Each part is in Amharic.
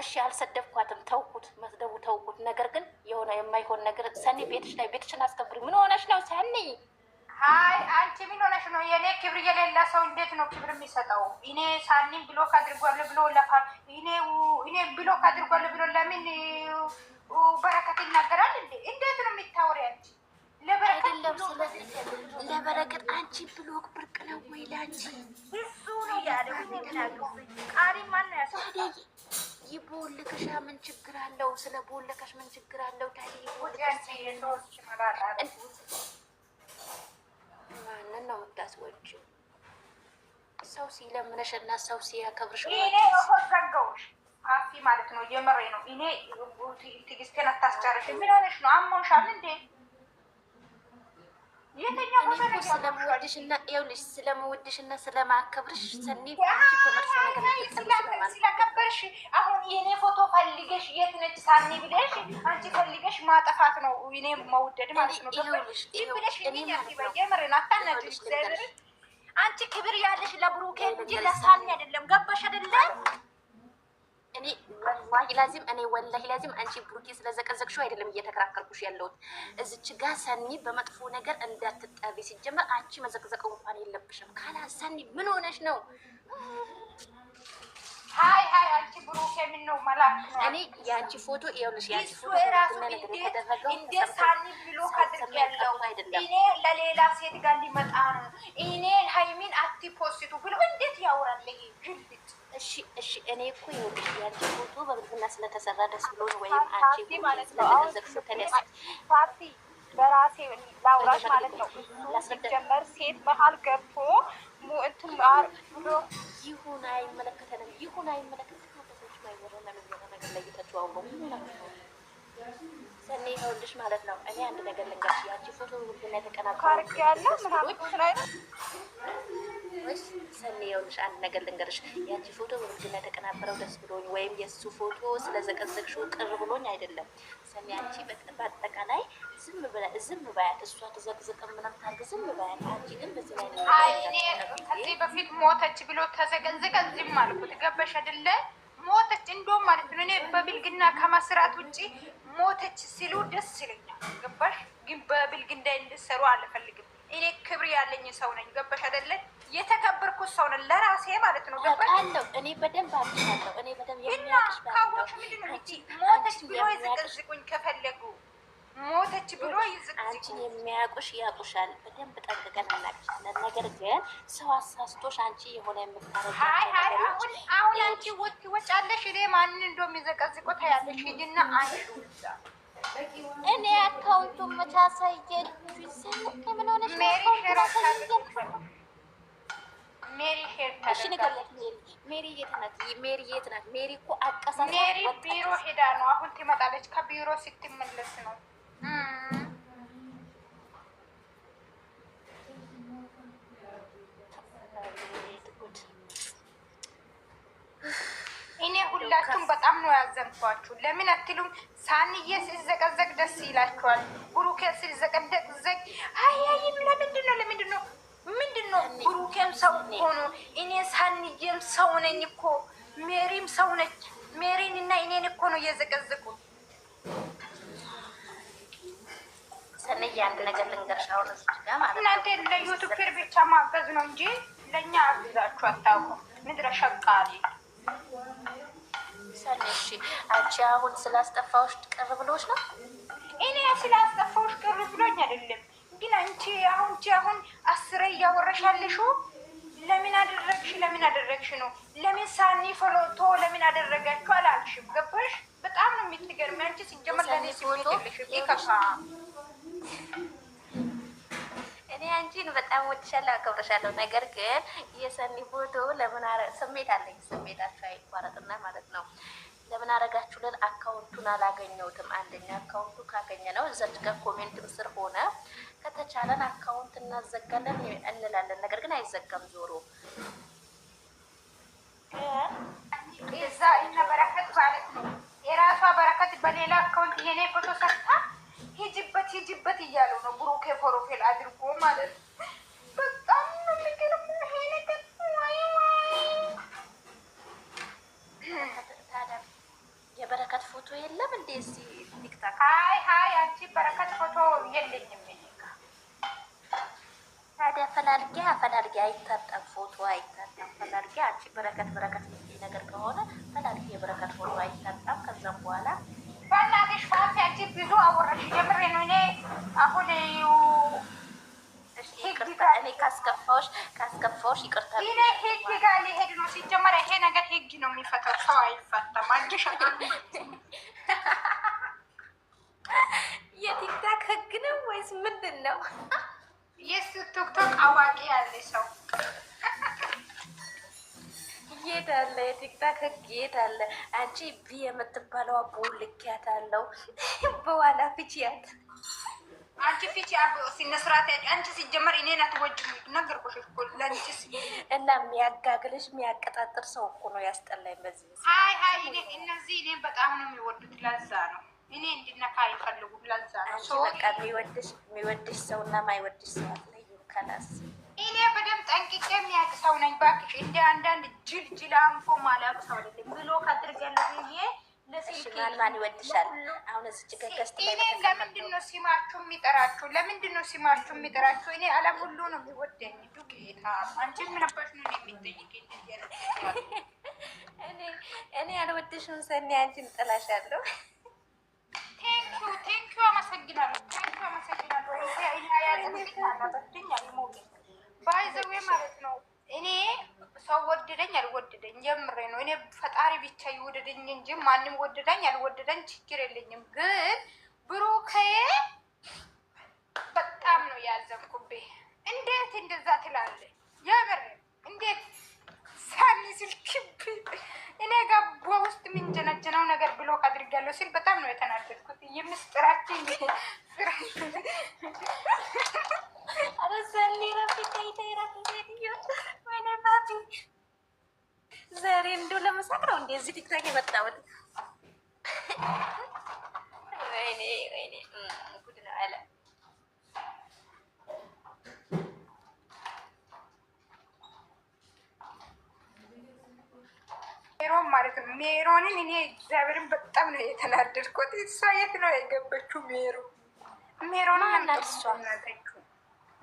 እሺ አልሰደብኳትም፣ ተውኩት፣ መስደቡ ተውኩት። ነገር ግን የሆነ የማይሆን ነገር ሰኒ ቤትሽ ላይ ቤትሽን አስከብሪ። ምን ሆነሽ ነው ሰኒ? አይ አንቺ ምን ሆነሽ ነው? የእኔ ክብር የሌላ ሰው እንዴት ነው ክብር የሚሰጠው? እኔ ሳኒም ብሎ ካድርጓል ብሎ ለፋ እኔ ብሎክ አድርጓል ብሎ ለምን በረከት ይናገራል እንዴ? እንዴት ነው የሚታወሪ አንቺ? ለበረከት አንቺ ብሎክ ብርቅ ነው ወይ ለአንቺ? እሱ ነው ያለው። ቃሪ ማን ነው ያሰ ይቦልከሻ ምን ችግር አለው? ስለ ቦለከሽ ምን ችግር አለው? ማንን ነው የምታስወጪው? ሰው ሲለምነሽ እና ሰው ሲያከብርሽ ማለት ነው። የምሬ ነው። እኔ ትዕግስቴን አታስጨርሽም። ምን ሆነሽ ነው? አሞሻል እንዴ? ስለምወድሽና ስለማከብርሽ ሰኒ አሁን የኔ ፎቶ ፈልገሽ የት ነች ሳኒ ብለሽ አንቺ ፈልገሽ ማጠፋት ነው እኔ መውደድ ማለት ነው። አንቺ ክብር ያለሽ ለብሩኬ እንጂ ለሳኒ አይደለም። ገባሽ አይደለም? እኔ ወላሂ ላዚም እኔ ወላሂ ላዚም አንቺ ብሩኬ ስለዘቀዘቅሽው አይደለም እየተከራከርኩሽ ያለሁት። እዚች ጋ ሰኒ በመጥፎ ነገር እንዳትጠቢ ሲጀመር አንቺ መዘቅዘቀው እንኳን የለብሽም ካላ ሰኒ ምን ሆነሽ ነው? ነው መላክ ነው። እኔ ያንቺ ፎቶ ይኸውልሽ፣ ያንቺ ፎቶ እራሱ እንዴት ሳኒ ብሎ ከድርግ እኔ ለሌላ ሴት ጋር ሊመጣ ነው እኔ ሀይሚን አትፖስቱ ብሎ እንዴት ያወራል? ግልጥ እሺ፣ እሺ። እኔ እኮ ይኸውልሽ፣ ያንቺ ፎቶ በብልግና ስለተሰራ ደስ ብሎን ወይም አንቺ ማለት ነው ስለተደሰ ፓርቲ በራሴ ላውራሽ ማለት ነው። ሲጀመር ሴት መሀል ገብቶ ሙእንትን ይሁን አይመለከተንም፣ ይሁን አይመለከተንም የምርና የሚሆነ አንድ ነገር ልንገርሽ፣ ያቺ ፎቶ ውድና የተቀናበረው ደስ ብሎኝ ወይም የእሱ ፎቶ ስለዘቀዘቅሽው ቅር ብሎኝ አይደለም። ሰኔ አንቺ በአጠቃላይ ዝም ዝም ባያት፣ እሷ ተዘቅዘቀ ምናምን ታርግ ዝም ባያት። አንቺ ግን በዚህ ላይ ከዚህ በፊት ሞተች ብሎ ተዘገንዘቀ ዝም አልኩት። ገበሽ አይደለ ሞተች እንደውም ማለት ነው። እኔ በብልግና ከመስራት ውጭ ሞተች ሲሉ ደስ ይለኛል። ገባሽ? ግን በብልግና እንድሰሩ አልፈልግም። እኔ ክብር ያለኝ ሰው ነኝ። ገባሽ አይደለ? የተከበርኩ ሰው ነኝ ለራሴ ማለት ነው። ገባሽ? አለው እኔ በደንብ አምሻለሁ። እኔ በደንብ እና ካወቅሽ ምንድን ነው ሞተች ብሎ የዘቀዝቁኝ ከፈለጉ ሞተች ብሎ አንቺን የሚያውቁሽ ያውቁሻል። በደንብ ጠንቅቀን እናውቅሻለን። ነገር ግን ሰው አሳስቶሽ አንቺ የሆነ የምታረጊ አሁን አንቺ ወጪ ወጪ አለሽ። እኔ ማንን እንደሚዘቀዝቆ ታያለሽ። ሂጂና አንቺ እኔ አካውንቱ መቻ ሳየል ምን ሆነሽ ሜሪ ንገሪያት። ሜሪ የት ናት? ሜሪ የት ናት? ሜሪ እኮ አቀሳሳ ሜሪ ቢሮ ሄዳ ነው። አሁን ትመጣለች። ከቢሮ ስትመለስ ነው እኔ ሁላችሁም በጣም ነው ያዘንኳችሁ። ለምን አትሉም? ሳንዬ ሲዘቀዘቅ ደስ ይላችኋል። ብሩኬ ሲዘቀዘቅ አያይም። ለምንድን ነው ለምንድን ነው ምንድን ነው? ብሩኬም ሰው ሆኖ እኔ ሳንዬም ሰው ነኝ እኮ ሜሪም ሰው ነች። ሜሪን እና እኔን እኮ ነው እየዘቀዘቁ። ሰንዬ አንድ ነገር ልንገርሽ፣ አሁን እናንተ ለዩቱብ ብቻ ማገዝ ነው እንጂ ለእኛ አግዛችሁ አታውቁም። ምድረ ሸቃሪ ሰለሽ አንቺ አሁን ስላስጠፋዎች ቅር ብሎች ነው። እኔ ስላስጠፋዎች ቅር ብሎኝ አይደለም፣ ግን አንቺ አሁን አሁን አስሬ እያወረሻለሽ ለምን አደረግሽ ለምን አደረግሽ ነው። ለምን ሳኒ ፎሎቶ ለምን አደረጋችሁ አላልሽም። ገባሽ? በጣም ነው የምትገርሚ አንቺ። ሲጀመር ለኔ ሲሆን ይከፋ እኔ አንቺን በጣም ወድሻለሁ፣ አከብረሻለሁ። ነገር ግን የሰኒ ፎቶ ለምን ስሜት አለኝ፣ ስሜታችሁ አይቋረጥና ማለት ነው። ለምን አረጋችሁልን? አካውንቱን አላገኘሁትም። አንደኛ አካውንቱ ካገኘ ነው እዛች ጋር ኮሜንትም ስር ሆነ ከተቻለን አካውንት እናዘጋለን እንላለን። ነገር ግን አይዘጋም ዞሮ ነው። የራሷ በረከት በሌላ አካውንት የኔ ፎቶ ሰርታ ሂጅበት ሂጅበት እያለው ነው ብሩኬ ፕሮፌል አድርጎ ማለት ነው። በጣም ነው የሚገርም ይሄ ነገር። ታዲያ የበረከት ፎቶ የለም እንዴ እዚህ ቲክታክ? አይ አይ አንቺ በረከት ፎቶ የለኝም። ታዲያ ፈላልጌ ፈላልጌ አይታጠም ፎቶ አይታጠም ፈላልጌ አንቺ በረከት በረከት ነገር ከሆነ ፈላልጌ የበረከት ፎቶ አይታጠም ከዛም በኋላ ብዙ አወራሽ ጀምሬ ነው እኔ አሁን እኔ ካስከፋዎች ካስከፋዎች ይቅርታ። እኔ ህግ ጋር ሊሄድ ነው። ሲጀመር ይሄ ነገር ህግ ነው የሚፈታው፣ ሰው አይፈታም። አዲሽ የቲክታክ ህግ ነው ወይስ ምንድን ነው? የስ ቲክቶክ አዋቂ ያለ ሰው የት አለ? የቲክታክ ህግ የት አለ? አንቺ ቢ የምትባለው አቦ ልኪያት አለው በኋላ ፍቺያት። አንቺ ፊቺ አቦ ሲነስራት አንቺ ሲጀመር እኔን አትወጅም ነገርኩሽ እኮ ለአንቺ እና የሚያጋግልሽ የሚያቀጣጥር ሰው እኮ ነው ያስጠላኝ። በዚህ ሀይ ሀይ እነዚህ እኔን በጣም ነው የሚወዱት። ለዛ ነው እኔ እንድነካ ይፈልጉ ለዛ ነው ሰው በቃ የሚወድሽ የሚወድሽ ሰው እና ማይወድሽ ሰው አለ ይካላስ እኔ በደምብ ጠንቅቄ የሚያውቅ ሰው ነኝ። እባክሽ እንደ አንዳንድ ጅል ጅል አንፎ ማላውቅ ሰው አይደለም ብሎ ካድርጋለሁ ብዬ ማን ይወድሻል? አሁን እዚህ ጋር ገስት ላይ ለምንድን ነው ሲማችሁ የሚጠራችሁ? ለምንድን ነው ሲማችሁ የሚጠራችሁ? እኔ ዓለም ሁሉ ነው የሚወደኝ። ዱቄታ አንቺ ምን ነው የሚጠይቅ እኔ እኔ አልወድሽም ሰኒ፣ አንቺን እጥላሻለሁ። ቴንኪው ቴንኪው፣ አመሰግናለሁ። ቴንኪው አመሰግናለሁ። እኔ አይና ያለ ምን ታላበትኝ አልሞገኝ ባይዘዌ ማለት ነው። እኔ ሰው ወደደኝ አልወደደኝ የምሬ ነው እኔ ፈጣሪ ብቻ ይወደደኝ እንጂ ማንም ወደደኝ አልወደደኝ ችግር የለኝም። ግን ብሩኬ በጣም ነው ያዘንኩቤ። እንዴት እንደዛ ትላለ? የምር እንዴት ሳኒ ስልክብ እኔ ጋር በውስጥ የሚንጀነጀነው ነገር ብሎክ አድርጋለሁ ሲል በጣም ነው የተናደድኩት። የምስጥራችን ዛሬ እንደው ለመሳቅ ነው እንደ እዚህ ቲክታክ የመጣሁት። ወይኔ ወይኔ ጉድ ነው አለ። ሜሮን ማለት ነው። ሜሮንን እኔ እግዚአብሔርን በጣም ነው የተናደድኩት። እሷ የት ነው የገበችው? ሜሮ ሜሮንን ናት እሷ ናተችው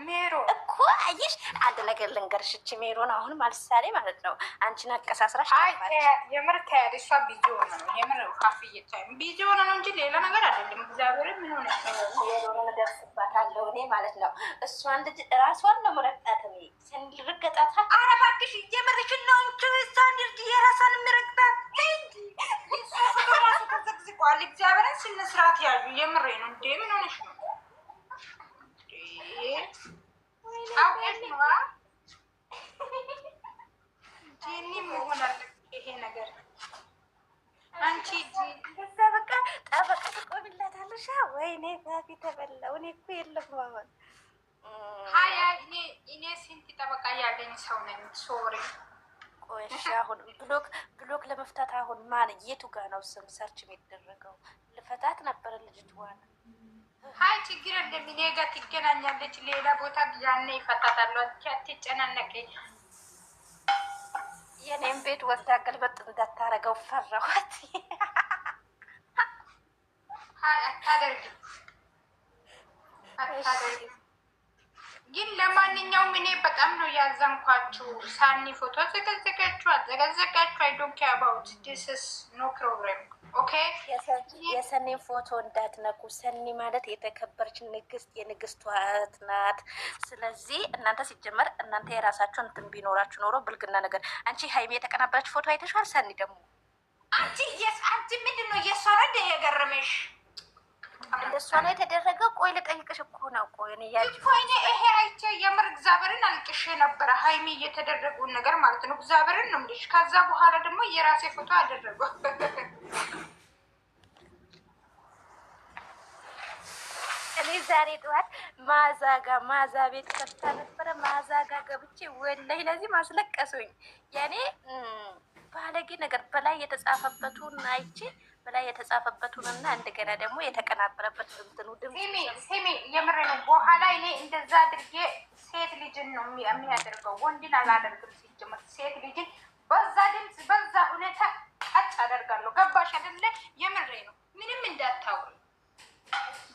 ሜሮ እኮ አየሽ፣ አንድ ነገር ልንገርሽ። እች ሜሮን አሁን ማልሳሌ ማለት ነው አንቺን አቀሳስራሽ የምር ተያደ እሷ ቢዚ ሆነ ነው የምር ካፍዬ ቢዚ ሆነ ነው እንጂ ሌላ ነገር አይደለም። እግዚአብሔር ምን ሆነ ሜሮን እደርስባታለሁ እኔ ማለት ነው። እሷን ልጅ ራሷን ነው መረግጣት ስንርገጣታ። ኧረ እባክሽ የምርሽን ነው እንጂ እሷን ልጅ የራሷን የሚረግጣት ራሱ ተዘግዝቋል። እግዚአብሔርን ስነ ያዩ የምሬ ነው እንዴ ምን ሆነሽ ነው? አፌ ተበላው። እኔ እኮ የለም አሁን ሀያ እኔ ስንት ጠበቃ ያለኝ ሰው ነኝ። ሶሪ ቆሽ አሁን ብሎክ ብሎክ ለመፍታት አሁን ማን የቱ ጋ ነው ስም ሰርች የሚደረገው? ልፈታት ነበረ ልጅት ልጅቷን። ሀይ ችግር የለም እኔ ጋ ትገናኛለች። ሌላ ቦታ ያኔ ይፈታታሉ። አትጨናነቂ። የኔም ቤት ወስዳ ገልበጥ እንዳታረገው ፈራኋት። አታደርግም ግን ለማንኛውም እኔ በጣም ነው ያዘንኳችሁ። ሳኒ ፎቶ አዘገዘጋችሁ አዘገዘጋችሁ አይዶንክ አባውት ዲስስ ኖ ፕሮብለም ኦኬ። የሰኒን ፎቶ እንዳትነኩ። ሰኒ ማለት የተከበረች ንግስት፣ የንግስቷ እህት ናት። ስለዚህ እናንተ ሲጀመር እናንተ የራሳችሁ እንትን ቢኖራችሁ ኖሮ ብልግና ነገር። አንቺ ሀይሜ የተቀናበረች ፎቶ አይተሻል። ሰኒ ደግሞ አንቺ አንቺ ምንድን ነው የሷ የገረመሽ እንደሷ ነው የተደረገ። ቆይ ልጠይቅሽ እኮ ነው። ቆይ እኔ ይሄ አይቼ የምር እግዚአብሔርን አልቅሼ ነበረ። ሀይሚ እየተደረገውን ነገር ማለት ነው። እግዚአብሔርን ነው የምልሽ። ከዛ በኋላ ደግሞ የራሴ ፎቶ አደረገ። እኔ ዛሬ ጠዋት ማዛጋ ማዛ ቤት ከፍታ ነበረ። ማዛጋ ገብቼ ወላይ ለዚህ ማስለቀሱኝ። የኔ ባለጌ ነገር በላይ የተጻፈበትን አይቼ የተጻፈበት የተጻፈበቱንና እንደገና ደግሞ የተቀናበረበት እንትኑ ድምፅ የምር ነው። በኋላ እኔ እንደዛ አድርጌ ሴት ልጅን ነው የሚያደርገው፣ ወንድን አላደርግም። ሲጀምር ሴት ልጅን በዛ ድምፅ በዛ ሁኔታ ቀጭ አደርጋለሁ። ገባሽ አይደለ? የምሬ ነው። ምንም እንዳታውሪ።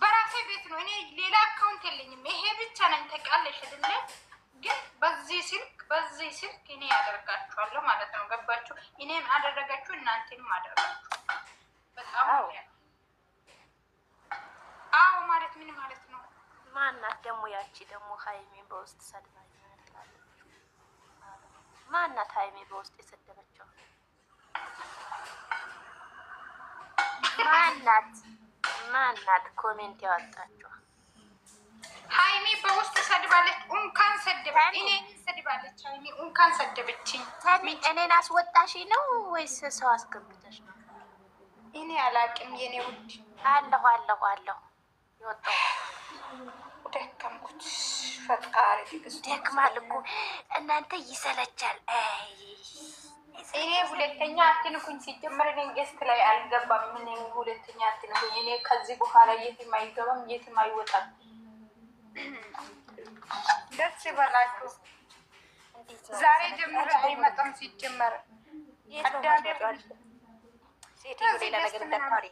በራሴ ቤት ነው እኔ ሌላ አካውንት የለኝም። ይሄ ብቻ ነኝ። ተቃለሽ አይደለ? ግን በዚህ ስልክ በዚህ ስልክ እኔ ያደርጋችኋለሁ ማለት ነው። ገባችሁ? እኔም አደረጋችሁ እናንተንም አደረጋችሁ። አዎ ማለት ምን ማለት ነው? ማናት ደግሞ ያቺ ደግሞ ሀይሜ በውስጥ ሰድባ ማናት? ሀይሜ በውስጥ የሰደበችው ማናት? ማናት? ኮሜንት ያወጣችው ሀይሜ በውስጥ ሰድባለች። እንኳን ሰድባለች። ሀይሜ እንኳን ሰደበችኝ። እኔን አስወጣሽ ነው ወይስ ሰው አስገብች? እኔ አላቅም የኔ ውድ አለሁ አለሁ አለሁ የወጣው ደከምኩት። ፈጣሪ ደክማል እኮ እናንተ ይሰለቻል። እኔ ሁለተኛ አትንኩኝ። ሲጀመር እኔ ገስት ላይ አልገባም። ምን ሁለተኛ አትንኩኝ። እኔ ከዚህ በኋላ የትም አይገባም፣ የትም አይወጣም። ደስ ይበላችሁ። ዛሬ ጀምሮ አይመጣም። ሲጀመር አዳሜ ሴትዮ ሌላ ነገር እንዳታወሪ፣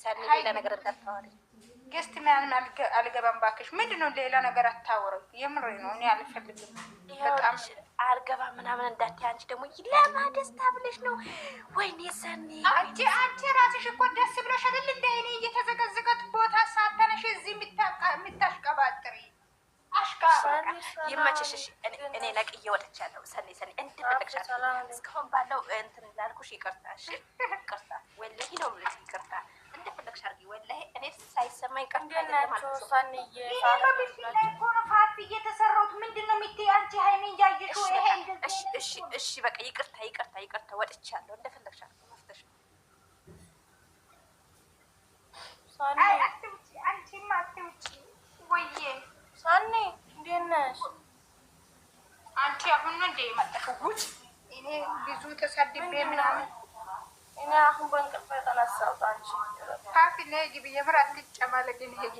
ሰኒ ሌላ ነገር እንዳታወሪ። ገስት ምናምን አልገባም ባክሽ። ምንድን ነው ሌላ ነገር አታወረው። የምሬ ነው፣ እኔ አልፈልግም። በጣም አልገባ ምናምን እንዳትይ። አንቺ ደግሞ ለማ ደስታ ብለሽ ነው። ወይኔ ሰኒ፣ አንቺ አንቺ ራስሽ እኮ ደስ ብለሽ አይደል? እንደ እኔ እየተዘገዘገት ቦታ ሳተነሽ እዚህ የምታሽቀባጥሪ አሽቃባቃ ይመችሽ። እኔ ነቅዬ ወጥቻለሁ። ሰኔ ሰኔ እንድመለቅሻለሁ። እስካሁን ባለው እንትን ላልኩሽ ይቅርታ፣ ይቅርታ። ወላሂ ነው የምልሽ ይቅርታ። እንደፈለግሽ አድርጊ። ወላሂ እኔ ሳይሰማኝ የተሰራሁት ምንድን ነው የምትይው አንቺ? ሀይሜ እያየሽ እሺ፣ በቃ ይቅርታ፣ ይቅርታ፣ ይቅርታ። ወጥቻለሁ። እንደፈለግሽ አድርጊ። አኔ እንዴት ነሽ አንቺ? አሁን ነው እንደ የመጣሽው? እኔ ብዙ ተሳድቤ ምናምን እኔ አሁን በእንቅልፍ የተነሳሁት አንቺ ካፌ እና ሂጂ የምር አትጨማለቅ። ሂጂ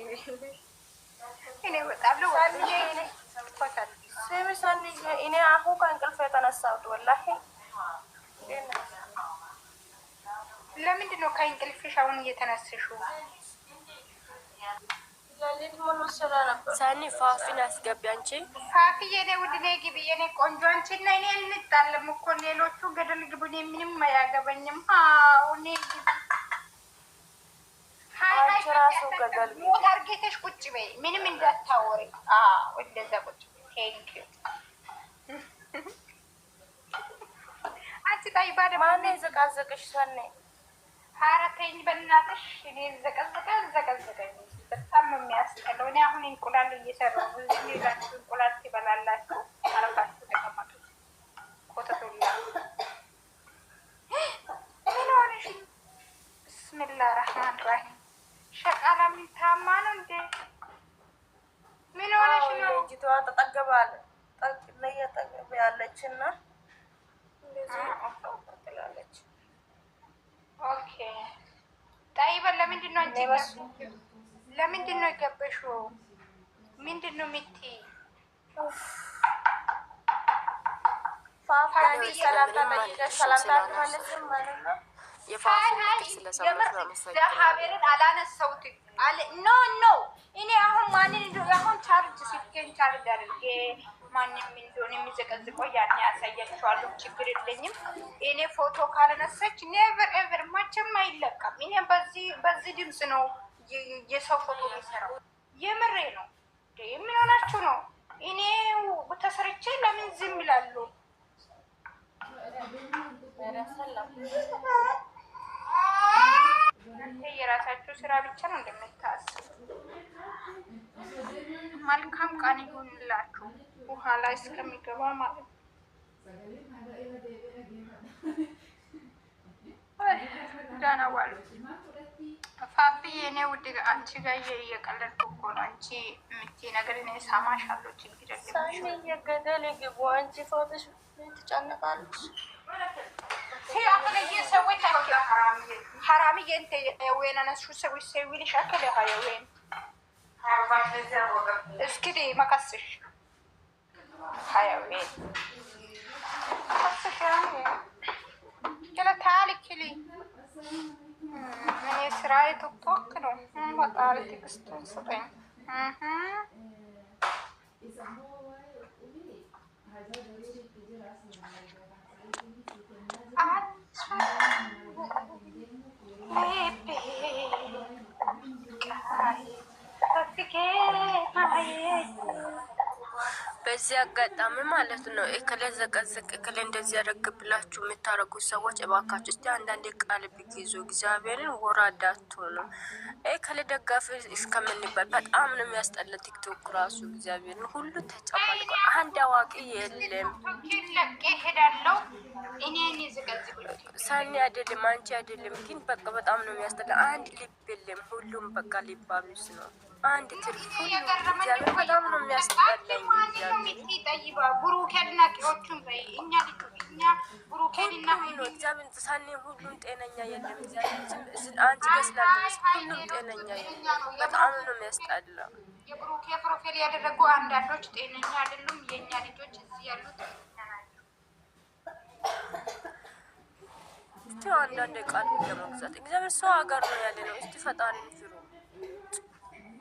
እኔ እወጣለሁ። ስሚ ሰንዬ፣ እኔ አሁን ከእንቅልፍ የተነሳሁት ወላሂ። ለምንድን ነው ከእንቅልፍሽ አሁን እየተነሳሽው? ሳኒ ፋፊን አስገቢ። አንቺ ፋፊ የኔ ውድ ግቢ የኔ ቆንጆ። አንቺ እና እኔ እንጣለም እኮ ሌሎቹ ገደል ግቡ። እኔ ምንም አያገባኝም። አዎ ሞት አድርጌተሽ ቁጭ በይ፣ ምንም እንዳታወሪ። እንደዛ ቁጭ ቴንክ ዩ አንቺ ጣይባ ማነው የዘቃዘቅሽ? ሰኔ ኧረ ተይኝ በእናትሽ። እኔ ዘቀዘቀ ዘቀዘቀኝ በጣም ነው የሚያስጠላው። እኔ አሁን እንቁላል እየሰራሁ ሌላችሁ እንቁላል ትበላላችሁ፣ አረፋችሁ ተቀመጡ። ቆተቶላ ምን ሆነሽ? ብስሚላ ረህማን ራሂም ሸቃላ ሚታማ ነው እንዴ? ምን ሆነሽ ነው? ልጅቷ ተጠገባለ ላይ ያጠገብ ያለች እና ኦኬ ጣይበን ለምንድን ነው አንቺ ለምንድን ነው የገበሽው? ምንድን ነው የምትይ? የሀቤርን አላነሳሁትም። ኖ ኖ እኔ አሁን ማንን አሁን ቻርጅ ስልኬን ቻርጅ አድርጌ ማንም እንደሆነ የሚዘቀዝቀው ያን ያሳያቸዋለሁ። ችግር የለኝም። እኔ ፎቶ ካለነሳች ኔቨር ኤቨር መቼም አይለቀም። እኔ በዚህ ድምፅ ነው የሰው ፎቶ የሚሰራው የምሬ ነው። ሆናችሁ ነው። እኔ ተሰርቼ ለምን ዝም ይላሉ? የራሳችሁ ስራ ብቻ ነው እንደምታስ መልካም ቀን ይሆንላችሁ። በኋላ እስከሚገባ ማለት ነው። ደህና ዋሉ። ፋፍዬ እኔ ውድ አንቺ ጋር እየቀለድኩ እኮ ነው። አንቺ የምትይ ነገር እኔ እሰማሻለሁ። ችግር የለም። እየገደል ግቡ። አንቺ ፎቶሽ ትጨንቃለች። ሀራምዬ እንትን የወይን አነሱ ሰዎች ሰዊልሽ አከል የወይን እስኪ መከስሽ ሀያወይን መከስሽ ታልክልኝ እኔ ስራዬ ቶክቶክ ነው። ፈጣሪ ትዕግስቱን ስጠኝ። በዚህ አጋጣሚ ማለት ነው እክል ዘቀዘቅ እክል እንደዚህ ያደረግ ብላችሁ የምታደረጉ ሰዎች እባካችሁ እስቲ አንዳንድ ቃል ብትይዙ እግዚአብሔርን ወራዳቱ ነው። እክል ደጋፊ እስከምንባል በጣም ነው የሚያስጠለ ቲክቶክ ራሱ እግዚአብሔርን ሁሉ ተጨማልቆ አንድ አዋቂ የለም። ሳኒ አይደለም አንቺ አይደለም ግን በቃ በጣም ነው የሚያስጠላ። አንድ ልብ የለም። ሁሉም በቃ ሊባሉስ ነው አንድ ትርፍ በጣም ነው የሚያስጠላኝ። ብሩኬ አድናቂዎቹን በይ እኛ ሁሉም ጤነኛ የለም። በጣም ነው የብሩኬ ያደረጉ አንዳንዶች ጤነኛ አይደሉም። የእኛ ልጆች እዚህ ያሉት አንዳንድ ቃል ለመግዛት እግዚአብሔር ሰው ሀገር ነው ያለ ነው። እስቲ ፈጣሪ ፍሩ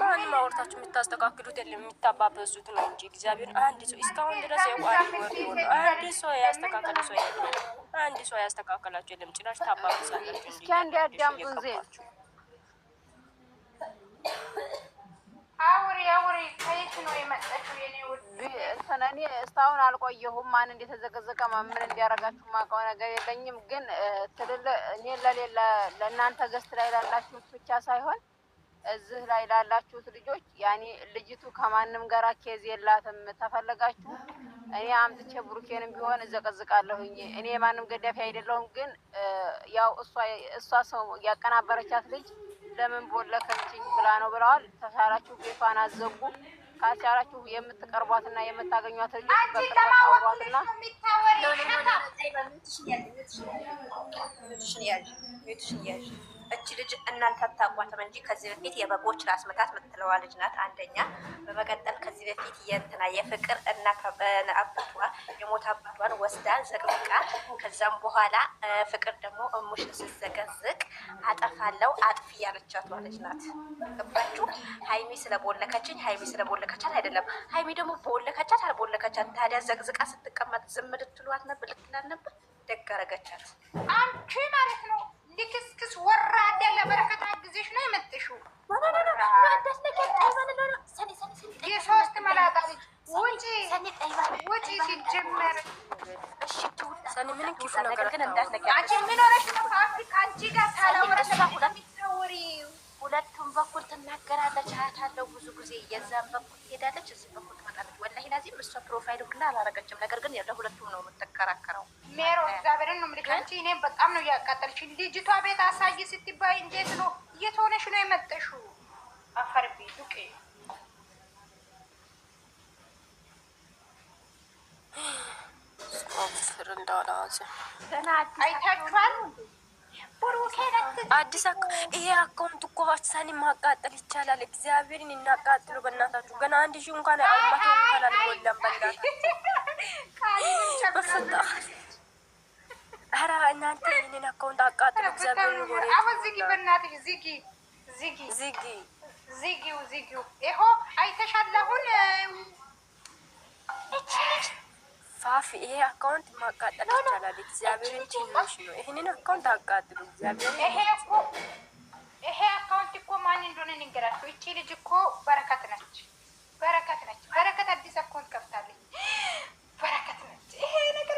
ማንም አውርታችሁ የምታስተካክሉት የለም፣ የሚታባበሱት ነው እንጂ እግዚአብሔር አንድ ሰው እስካሁን ድረስ የቋሪ ወር አንድ ሰው ያስተካከለ ሰው የለም። አንድ ሰው ያስተካከላችሁ የለም። ጭራሽ ታባብሳላችሁ። እስኪ አንድ አዳም ጉንዜ አውሪ አውሪ፣ ከየት ነው የመጣችው? የኔ ውድ እንትን እኔ እስካሁን አልቆየሁም። ማን እንደተዘቀዘቀ ምን እንዲያረጋችሁ ማውቀው ነገር የለኝም። ግን ትልል እኔ ለሌላ ለእናንተ ገስት ላይ ላላችሁት ብቻ ሳይሆን እዚህ ላይ ላላችሁት ልጆች ያኔ ልጅቱ ከማንም ጋር ኬዝ የላትም። ተፈለጋችሁ እኔ አምጥቼ ብሩኬንም ቢሆን እዘቀዝቃለሁኝ። እኔ የማንም ገዳፊ አይደለሁም። ግን ያው እሷ ሰው ያቀናበረቻት ልጅ ለምን ቦለከችኝ ብላ ነው ብለዋል። ተሻላችሁ ቤቷን አዘጉ። ካልቻላችሁ የምትቀርቧትና የምታገኟት ልጆች ሽያሽ ሽያሽ እች ልጅ እናንተ አታውቋትም እንጂ ከዚህ በፊት የበጎች ራስ መታት ምትለዋ ልጅ ናት። አንደኛ በመቀጠል ከዚህ በፊት የእንትና የፍቅር እና አባቷ የሞት አባቷን ወስዳ ዘቅዝቃ፣ ከዛም በኋላ ፍቅር ደግሞ እሙሽ ስዘቀዝቅ አጠፋለው አጥፍ እያለቻቷ ልጅ ናት። ገባችሁ? ሀይሚ ስለቦለከችኝ ሀይሚ ስለቦለከቻት አይደለም። ሀይሚ ደግሞ በወለከቻት አልቦለከቻት ታዲያ ዘቅዝቃ ስትቀመጥ ዝም ልትሏት ነበር፣ ልትላል ነበር። ደግ አረገቻት አንቺ ማለት ነው ልክስክስ ወራዳ ለበረከት አግዜሽ ነው የመጥሽው። የሶስት መላጣ ውጪ ውጪ። ሲጀመር አንቺ ምን ሆነሽ ነው ከአንቺ ጋር ሳላወራሽ የምታወሪው? ሁለቱም በኩል ትናገራለች። አያታለሁ ብዙ ጊዜ የዛም በኩል ትሄዳለች፣ እዚህ በኩል ሂናዚም እሷ ፕሮፋይል ሁላ አላረገችም። ነገር ግን ለሁለቱም ነው የምትከራከረው። ሜሮ እግዚአብሔርን ነው የምልህ አንቺ እኔ በጣም ነው እያቃጠልሽ። ልጅቷ ቤት አሳይ ስትባይ እንዴት ነው የት ነው የመጠሽው? አፈርቤ ዱቄ ስር አይታችኋል አዲስ ይሄ አካውንት እኮ ሀሳን ማቃጠል ይቻላል። እግዚአብሔርን እናቃጥሉ በእናታችሁ። ገና አንድ ሺህ እንኳን እንኳን አልሞላም። ኧረ እናንተ ይህንን አካውንት አቃጥሉ። እግዚአብሔር ዚጊ ፋፍ ይሄ አካውንት ማቃጠል ይቻላል። እግዚአብሔርን ትንሽ ነው። ይህንን አካውንት አቃጥሉ። ይሄ አካውንት እኮ ማን እንደሆነ ንገራቸው። ይቺ ልጅ እኮ በረከት ነች፣ በረከት ነች፣ በረከት አዲስ አካውንት ከፍታለች። በረከት ነች። ይሄ ነገር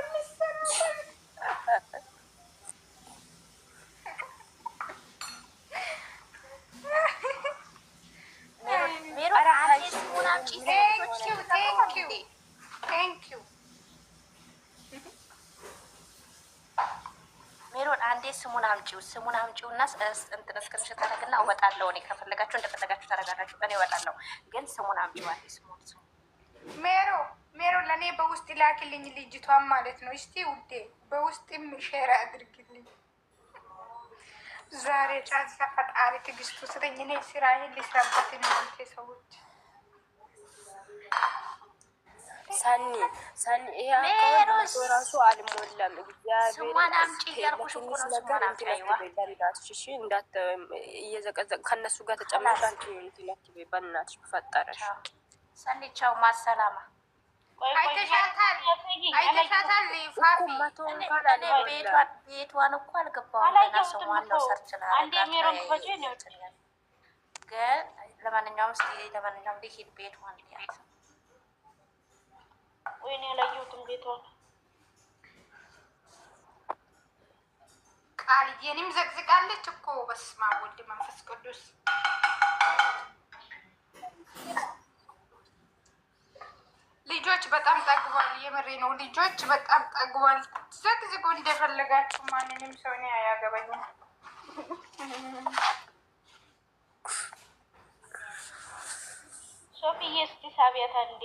ቴንኪዩ ቴንኪዩ ቴንኪዩ ስሙን አምጪው ስሙን አምጪው እና እስክንሽ ታደርግና እወጣለሁ። እኔ ከፈለጋችሁ እንደፈለጋችሁ ታደርጋላችሁ። እኔ እወጣለሁ፣ ግን ስሙን አምጪው አለ ስሙን ስሙ ሜሮ ሜሮ ለእኔ በውስጥ ላክልኝ፣ ልጅቷን ማለት ነው። እስቲ ውዴ በውስጥም ሼር አድርግልኝ። ዛሬ ጫንሳ ፈጣሪ ትግስቱ ስጠኝ። እኔ ስራዬን ልስራበት እናንተ ሰዎች ሳኒ ሳኒ ራሱ አልሞላም። እግዚአብሔር ከነሱ ጋር ተጨማሪ በእናትሽ ሳኒ ቻው ማሰላማ ቤቷን ለማንኛውም ለማንኛውም ቤቷን እኔ አላየሁትም ቤቷን። ቃልዬንም ዘግዝቃለች እኮ በስመ አብ ወልድ መንፈስ ቅዱስ። ልጆች በጣም ጠግቧል። የምሬ ነው። ልጆች በጣም ጠግቧል። ዘግዝቁ እንደፈለጋችሁ። ማንንም ሰው እኔ አያገባኝም። ሶፊዬ እስኪ ሳቢያት አንዴ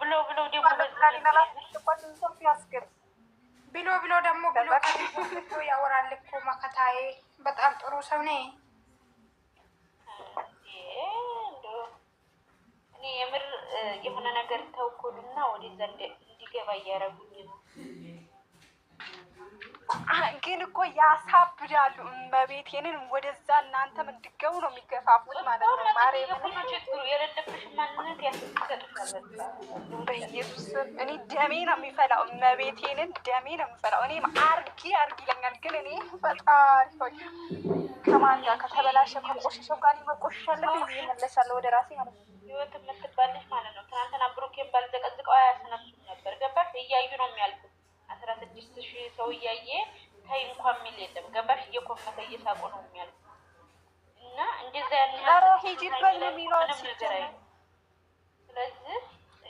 ብሎ ብሎ ደግሞ ብሎ ብሎ ደግሞ ብሎ ያወራል እኮ መከታዬ። በጣም ጥሩ ሰው ነኝ። እኔ የምር የሆነ ነገር ተውኩልና ወደዛ እንዲገባ እያረጉኝ ነው ግን እኮ የሀሳብ ይከብዳሉ። ይንን ወደዛ እናንተ ምድገቡ ነው የሚገፋፉት ማለት ነው። ማሬ በኢየሱስ እኔ ደሜ ነው የሚፈላው። ይንን ደሜ ነው የሚፈላው። እኔ አርጊ አርጊ ይለኛል፣ ግን እኔ ፈጣሪ ሆይ ከማን ጋር ከተበላሸ ከቆሸሸው ጋር መቆሸሽ አለብኝ። ወደ ራሴ ማለት ነው። ህይወት የምትባልሽ ማለት ነው። ትናንትና ብሩኬን ባልዘቀዝቀው አያስነሱም ነበር። ገባሽ? እያዩ ነው የሚያልፉት። አስራ ስድስት ሺህ ሰው እያየ ተይ እንኳን የሚል የለም። ገባሽ? እየኮፈተ እየሳቁ ነው የሚያልኩት እና እንደዛ ያን ምንም ነገር ስለዚህ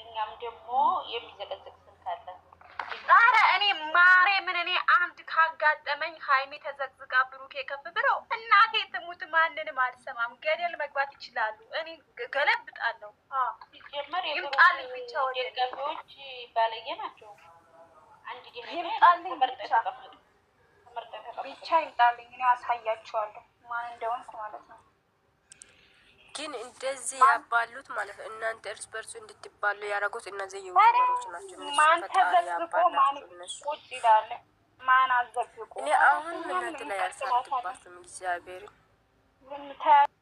እኛም ደግሞ የሚዘቀዝቅ ስልክ አለ። ኧረ እኔ ማርያምን እኔ አንድ ካጋጠመኝ ሀይሜ ተዘቅዝቃ ብሩኬ ከፍ ብለው እናቴ ትሙት ማንንም አልሰማም። ገደል መግባት ይችላሉ። እኔ ገለብጣለሁ። ሲጀመር የብሩክ ደጋፊዎች ባለየ ናቸው። አንድ ይምጣልኝ ብቻ ብቻ ይምጣልኝ፣ እኔ አሳያችኋለሁ ማን እንደሆንኩ ማለት ነው። ግን እንደዚህ ያባሉት ማለት ነው እናንተ እርስ በርሱ እንድትባሉ ያደረጉት እነዚህ የወሮች ናቸው። ማን ተዘብቆ ማን ቁጭ ይላል? ማን አዘብቆ? እኔ አሁን ምንት ላይ አልሳትባችሁም እግዚአብሔርን